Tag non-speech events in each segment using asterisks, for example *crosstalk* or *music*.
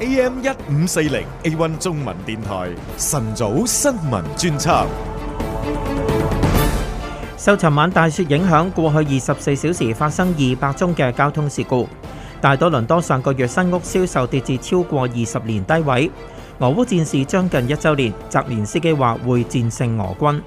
AM 一五四零 A One 中文電台晨早新聞專輯。受昨晚大雪影響，過去二十四小時發生二百宗嘅交通事故。大多倫多上個月新屋銷售，售跌至超過二十年低位。俄烏戰事將近一周年，澤連斯基話會戰勝俄軍。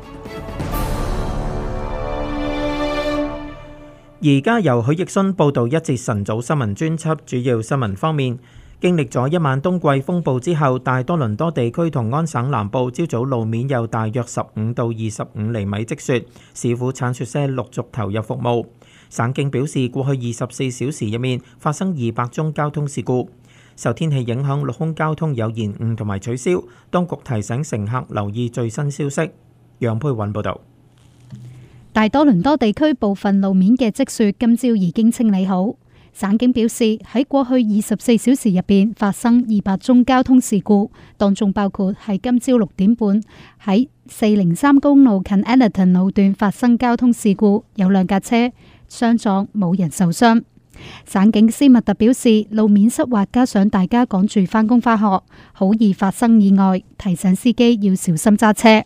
而家由許奕迅報道一節晨早新聞專輯，主要新聞方面。經歷咗一晚冬季風暴之後，大多倫多地區同安省南部朝早路面有大約十五到二十五厘米積雪，市府鏟雪車陸續投入服務。省警表示，過去二十四小時入面發生二百宗交通事故，受天氣影響，陸空交通有延誤同埋取消。當局提醒乘客留意最新消息。楊佩韻報道。大多倫多地區部分路面嘅積雪今朝已經清理好。省警表示，喺過去二十四小時入邊發生二百宗交通事故，當中包括係今朝六點半喺四零三公路近 Anneton 路段發生交通事故，有兩架車相撞，冇人受傷。省警施密特表示，路面濕滑，加上大家趕住翻工翻學，好易發生意外，提醒司機要小心揸車。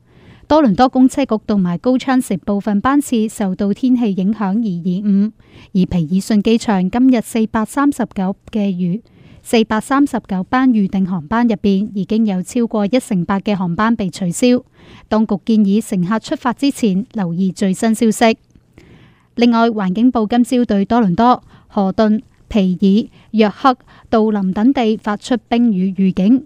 多倫多公車局同埋高昌城部分班次受到天氣影響而延誤，而皮爾遜機場今日四百三十九嘅雨，四百三十九班預訂航班入邊已經有超過一成八嘅航班被取消。當局建議乘客出發之前留意最新消息。另外，環境部今朝對多倫多、河頓、皮爾、約克、杜林等地發出冰雨預警。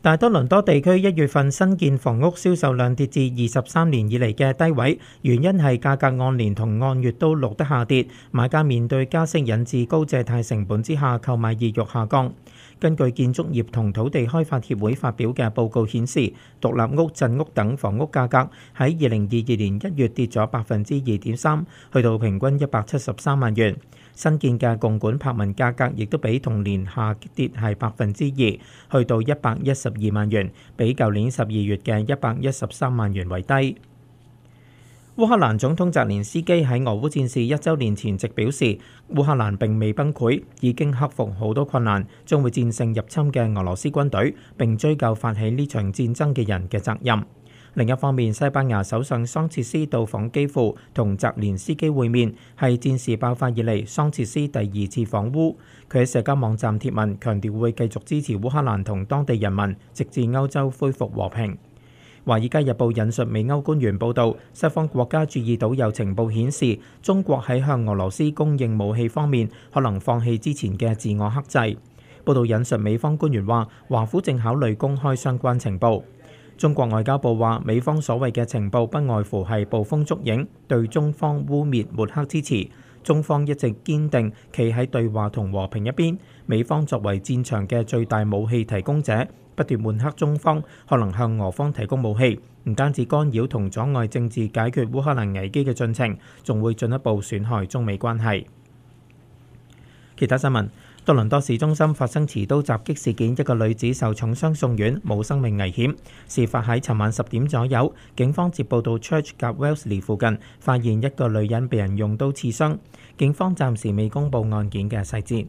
大多倫多地區一月份新建房屋銷售量跌至二十三年以嚟嘅低位，原因係價格按年同按月都錄得下跌，買家面對加息引致高借貸成本之下，購買意欲下降。根據建築業同土地開發協會發表嘅報告顯示，獨立屋、鎮屋等房屋價格喺二零二二年一月跌咗百分之二點三，去到平均一百七十三萬元。新建嘅共管柏文價格亦都比同年下跌係百分之二，去到一百一十二萬元，比舊年十二月嘅一百一十三萬元為低。烏克蘭總統澤連斯基喺俄烏戰事一周年前夕表示，烏克蘭並未崩潰，已經克服好多困難，將會戰勝入侵嘅俄羅斯軍隊，並追究發起呢場戰爭嘅人嘅責任。另一方面，西班牙首相桑切斯到訪基輔同澤連斯基會面，係戰事爆發以嚟桑切斯第二次訪烏。佢喺社交網站貼文強調會繼續支持烏克蘭同當地人民，直至歐洲恢復和平。《華爾街日報》引述美歐官員報導，西方國家注意到有情報顯示，中國喺向俄羅斯供應武器方面可能放棄之前嘅自我克制。報導引述美方官員話：華府正考慮公開相關情報。中國外交部話：美方所謂嘅情報不外乎係捕風捉影，對中方污蔑抹黑之詞。中方一直堅定企喺對話同和，和平一邊。美方作為戰場嘅最大武器提供者，不斷抹黑中方，可能向俄方提供武器，唔單止干擾同阻礙政治解決烏克蘭危機嘅進程，仲會進一步損害中美關係。其他新聞：多倫多市中心發生持刀襲擊事件，一個女子受重傷送院，冇生命危險。事發喺尋晚十點左右，警方接報到 Church 及 Wellsley 附近，發現一個女人被人用刀刺傷。警方暫時未公布案件嘅細節。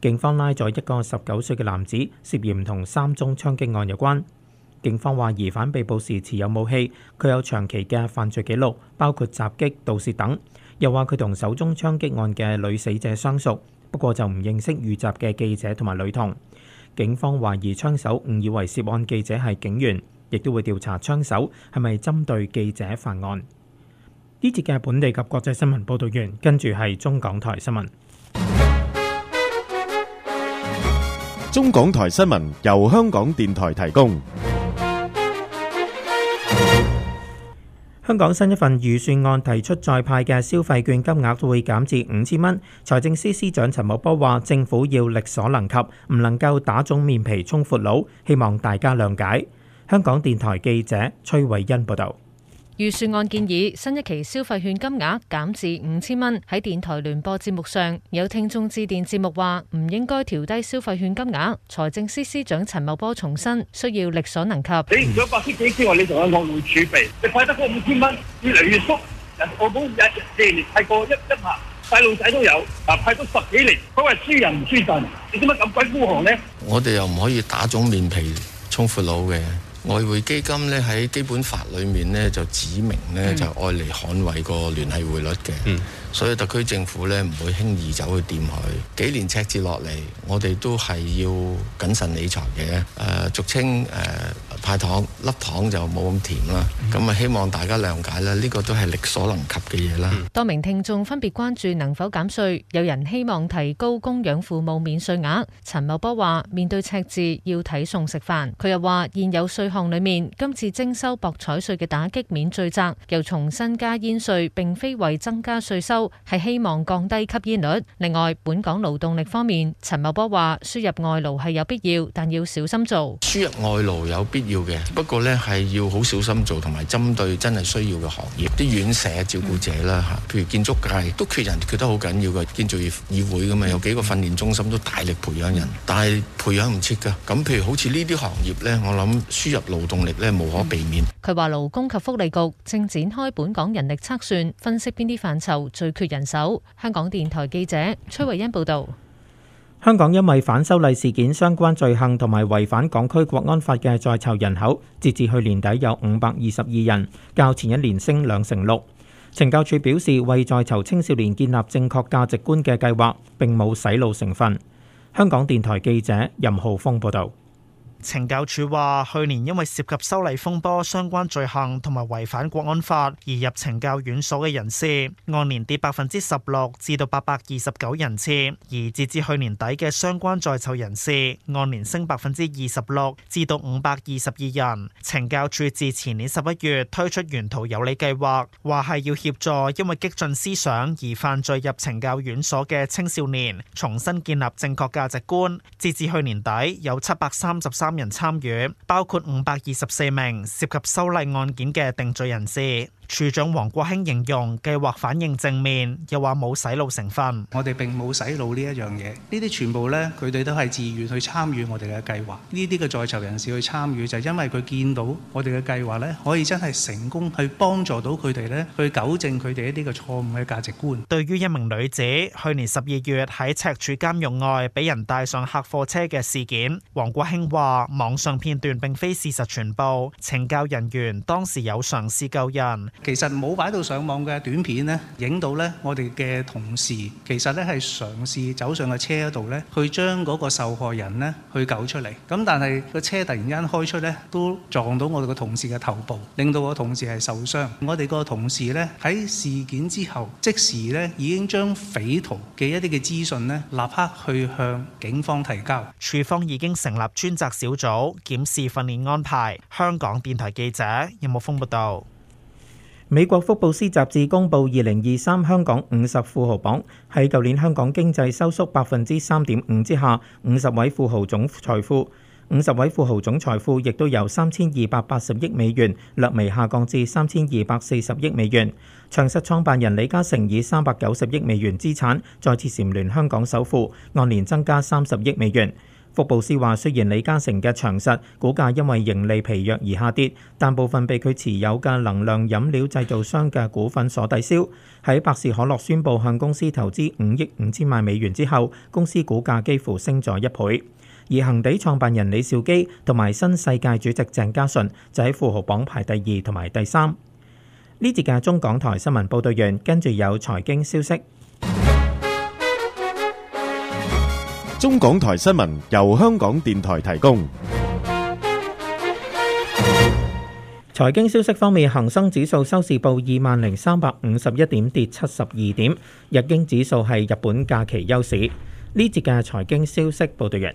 警方拉咗一個十九歲嘅男子，涉嫌同三宗槍擊案有關。警方話疑犯被捕時持有武器，佢有長期嘅犯罪記錄，包括襲擊、盜竊等。又話佢同首宗槍擊案嘅女死者相熟，不過就唔認識遇襲嘅記者同埋女童。警方懷疑槍手誤以為涉案記者係警員，亦都會調查槍手係咪針對記者犯案。呢節嘅本地及國際新聞報導完，跟住係中港台新聞。中港台新聞由香港電台提供。香港新一份預算案提出再派嘅消費券金額會減至五千蚊。財政司司長陳茂波話，政府要力所能及，唔能夠打腫面皮充闊佬，希望大家諒解。香港電台記者崔慧欣報道。預算案建議新一期消費券金額減至五千蚊。喺電台聯播節目上，有聽眾致電節目話唔應該調低消費券金額。財政司司長陳茂波重申需要力所能及。你唔想八千幾千萬，你仲有外匯儲備？你派得嗰五千蚊越嚟越縮，人澳寶廿四年派過一一下，細路仔都有啊，派足十幾年，所謂輸人唔輸陣。你做乜咁鬼孤寒呢？我哋又唔可以打腫面皮充闊佬嘅。外匯基金呢，喺基本法裏面呢，就指明呢就愛嚟捍衛個聯繫匯率嘅，嗯、所以特區政府呢唔會輕易走去掂佢。幾年赤字落嚟，我哋都係要謹慎理財嘅。誒、呃，俗稱誒。呃派糖，粒糖就冇咁甜啦。咁啊，希望大家諒解啦。呢個都係力所能及嘅嘢啦。多名聽眾分別關注能否減稅，有人希望提高供養父母免稅額。陳茂波話面對赤字，要睇餸食飯。佢又話現有稅項裏面，今次徵收博彩稅嘅打擊面最窄，又重新加煙稅，並非為增加稅收，係希望降低吸煙率。另外，本港勞動力方面，陳茂波話輸入外勞係有必要，但要小心做。輸入外勞有必要。嘅，不過呢，係要好小心做，同埋針對真係需要嘅行業，啲院舍照顧者啦，嚇，譬如建築界都缺人，缺得好緊要嘅。建造業議會咁啊，有幾個訓練中心都大力培養人，但係培養唔切噶。咁譬如好似呢啲行業呢，我諗輸入勞動力呢，無可避免。佢話勞工及福利局正展開本港人力測算，分析邊啲範疇最缺人手。香港電台記者崔惠欣報道。 *music* 香港因為反修例事件相關罪行同埋違反港區國安法嘅在囚人口，截至去年底有五百二十二人，較前一年升兩成六。懲教署表示，為在囚青少年建立正確價值觀嘅計劃並冇洗腦成分。香港電台記者任浩峰報道。懲教署話，去年因為涉及修例風波，相關罪行同埋違反國安法而入懲教院所嘅人士，按年跌百分之十六，至到八百二十九人次；而截至去年底嘅相關在囚人士，按年升百分之二十六，至到五百二十二人。懲教署自前年十一月推出沿途有你計劃，話係要協助因為激進思想而犯罪入懲教院所嘅青少年，重新建立正確價值觀。截至去年底，有七百三十三。三人參與，包括五百二十四名涉及修例案件嘅定罪人士。署長黃國興形容計劃反應正面，又話冇洗腦成分。我哋並冇洗腦呢一樣嘢，呢啲全部咧，佢哋都係自願去參與我哋嘅計劃。呢啲嘅在囚人士去參與，就係因為佢見到我哋嘅計劃咧，可以真係成功去幫助到佢哋咧，去糾正佢哋一啲嘅錯誤嘅價值觀。對於一名女子去年十二月喺赤柱監獄外俾人帶上客貨車嘅事件，黃國興話網上片段並非事實全部，懲教人員當時有嘗試救人。其實冇擺到上網嘅短片呢，影到呢，我哋嘅同事其實呢係嘗試走上個車度呢，去將嗰個受害人呢，去救出嚟。咁但係個車突然間開出呢，都撞到我哋個同事嘅頭部，令到個同事係受傷。我哋個同事呢，喺事件之後即時呢，已經將匪徒嘅一啲嘅資訊呢，立刻去向警方提交。處方已經成立專責小組，檢視訓練安排。香港電台記者任木峯報道。美國福布斯雜誌公佈二零二三香港五十富豪榜，喺舊年香港經濟收縮百分之三點五之下，五十位富豪總財富，五十位富豪總財富亦都由三千二百八十億美元略微下降至三千二百四十億美元。長實創辦人李嘉誠以三百九十億美元資產再次蟬聯香港首富，按年增加三十億美元。福布斯話：雖然李嘉誠嘅長實股價因為盈利疲弱而下跌，但部分被佢持有嘅能量飲料製造商嘅股份所抵消。喺百事可樂宣布向公司投資五億五千萬美元之後，公司股價幾乎升咗一倍。而恒地創辦人李兆基同埋新世界主席鄭家純就喺富豪榜排第二同埋第三。呢節嘅中港台新聞報道員，跟住有財經消息。中港台新聞由香港電台提供。財經消息方面，恒生指數收市報二萬零三百五十一點，跌七十二點。日經指數係日本假期休市。呢節嘅財經消息報道完。